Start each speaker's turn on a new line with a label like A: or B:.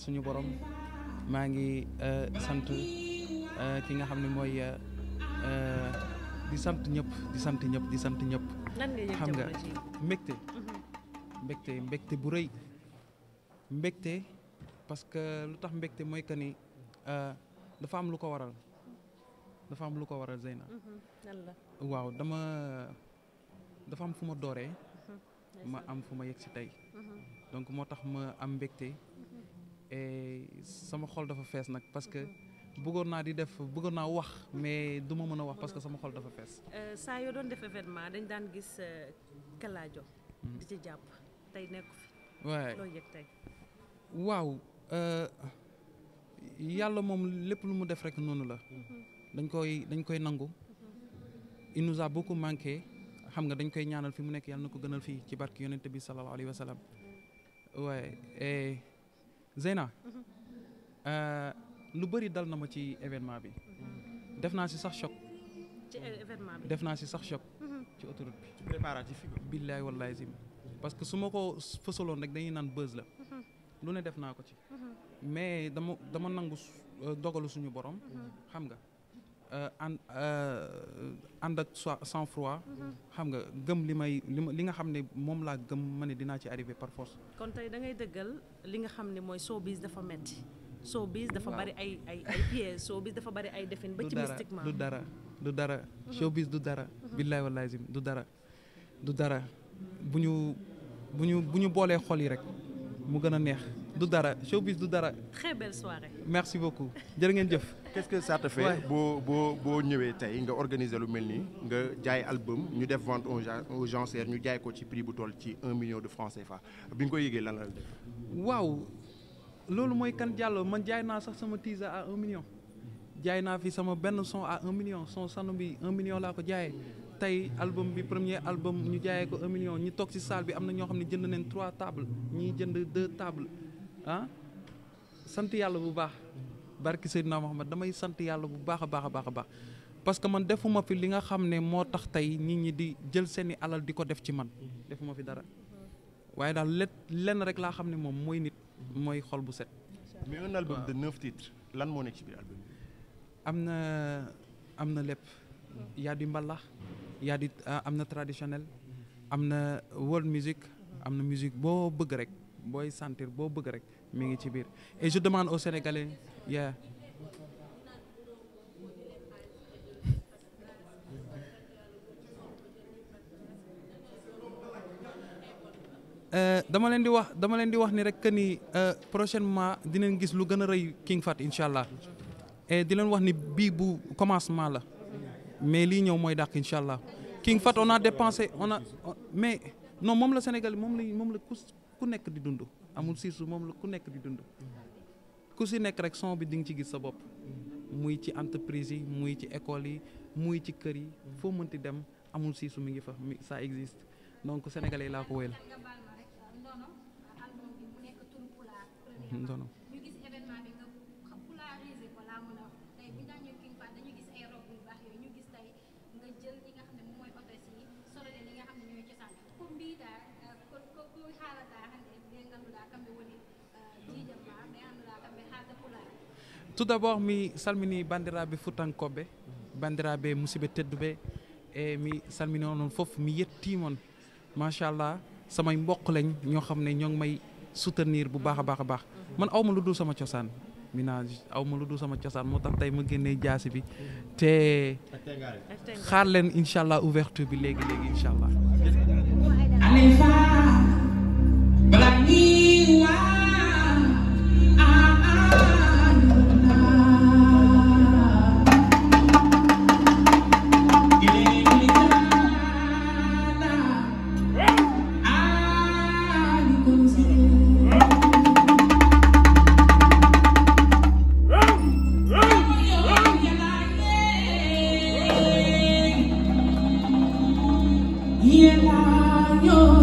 A: suñu borom maa ngi euh, sant euh, ki nga xam ne mooy euh, di sant ñëpp di sant ñëpp di sant ñëpp. xam nga mbégte. Mhm. mbégte mbégte bu rëy mbégte parce que lu tax mbégte mooy que ni dafa am lu ko waral dafa am lu ko waral Zeyna. Mhm. waaw dama dafa am fu ma dooree. Mhm. ma am fu ma yegg si tey. donc moo tax ma am mbégte et eh, sama xol dafa fees nag parce que bëggoon naa di def bëggoon naa wax mais duma mën a wax parce que sama xol dafa fees. Eh, saa yoo doon def événement dañ daan gis eh, kalaajo. Hmm. di ci jàpp tey nekku fi. waaw loo yàlla moom lépp lu mu def rek noonu la. Hmm. dañ koy dañ koy nangu. Hmm. il boo ko beaucoup xam nga dañ koy ñaanal fi mu nekk yàlla na ko gënal fii ci barke yonent bi sallallahu alayhi waaye. Zeyna mhm. euh, lu bëri dal na ma ci événement bi mhm. def naa si sax choc. ci événement bi def naa si sax choc. Mhm. ci autoroute bi. ci préparatif bi. billaay parce que su ma ko fësaloon rek dañuy naan buzz la. lu ne def naa ko ci. mais dama dama nangu euh, dogalu suñu borom. xam nga. ànd euh, euh, ànd ak sans froid. Mm-hmm. xam nga gëm li may li ma li nga xam ne moom laa gëm ma ne dinaa ci arrivé par force. kon tey dangay ngay dëggal li nga xam ne mooy showbiz dafa metti showbiz dafa bari ay ay ay pièges dafa bari ay defin ba ci mystiquement du dara du dara mm-hmm. showbiz du dara. Mm-hmm. billaay wallaay zim du dara du dara bu ñu bu ñu ñu boolee xol yi rek mu gën a neex. du dara showbiz du dara. très belle soirée. merci beaucoup jërë ngeen jëf. qu'est-ce que ça te boo boo boo ñëwee tey nga organiser lu mel ni nga jaay album ñu def vente aux enchères ñu jaay ko ci prix bu tool ci un million de francs CFA bi nga koy yëgee lan def. waaw loolu mooy kan Diallo man jaay naa sax sama teaser à un million jaay naa fi sama benn son à un million son sanu bi un million laa ko jaaye tey album bi premier album ñu jaayee ko un million ñu toog ci salle bi am na ñoo xam ne jënd nañ trois tables jënd deux tables Ah? sant yàlla bu baax barki naa Seydina Muhammad damay sant yàlla bu baax a baax a baax a baax parce que man defuma fi li nga xam ne moo tax tey nit ñi di jël seeni alal di ko def ci man defuma fi dara waaye daal let lenn rek laa xam ne moom mooy nit mooy xol bu set. mais un album de neuf titres lan moo nekk ci biir am na am na lépp hmm. yaa di mbalax yaa di ah, am na traditionnel am na world music am na musique boo bëgg rek. booy sentir boo bëgg rek mu ngi ci biir et je demande aux Sénégalais yeah. Euh, dama leen di wax dama leen di wax ni rek que ni euh, prochainement dinañ gis lu gën a rëy King Fat incha allah di leen wax ni bii bu commencement la mais lii ñëw mooy daq incha allah
B: King Fat on a dépensé
A: on a mais non moom la Sénégal moom la moom la ku nekk di dund amul siisu moom la ku nekk di dund ku si nekk rek son bi di nga ci gis sa bopp muy ci entreprise yi muy ci école yi muy ci kër yi foo mënti dem amul siisu mi ngi fa mi ça existe donc sénégalais laa ko wéyal ndono tout d'abord mi salmini bandiraɓe futankoɓe bandiraɓe musidɓe tëdd e mi salmini onon foof mi yettimon allah samay mboq lañ ñoo xam ne ñoo ngi may soutenir bu baax a baax a baax man aw ma lu dul sama cosaan minage aw ma lu dul sama cosaan moo tax tey ma génnee jaasi bi te xaar leen incha allah ouverture bi léegi léegi incha allah Señor.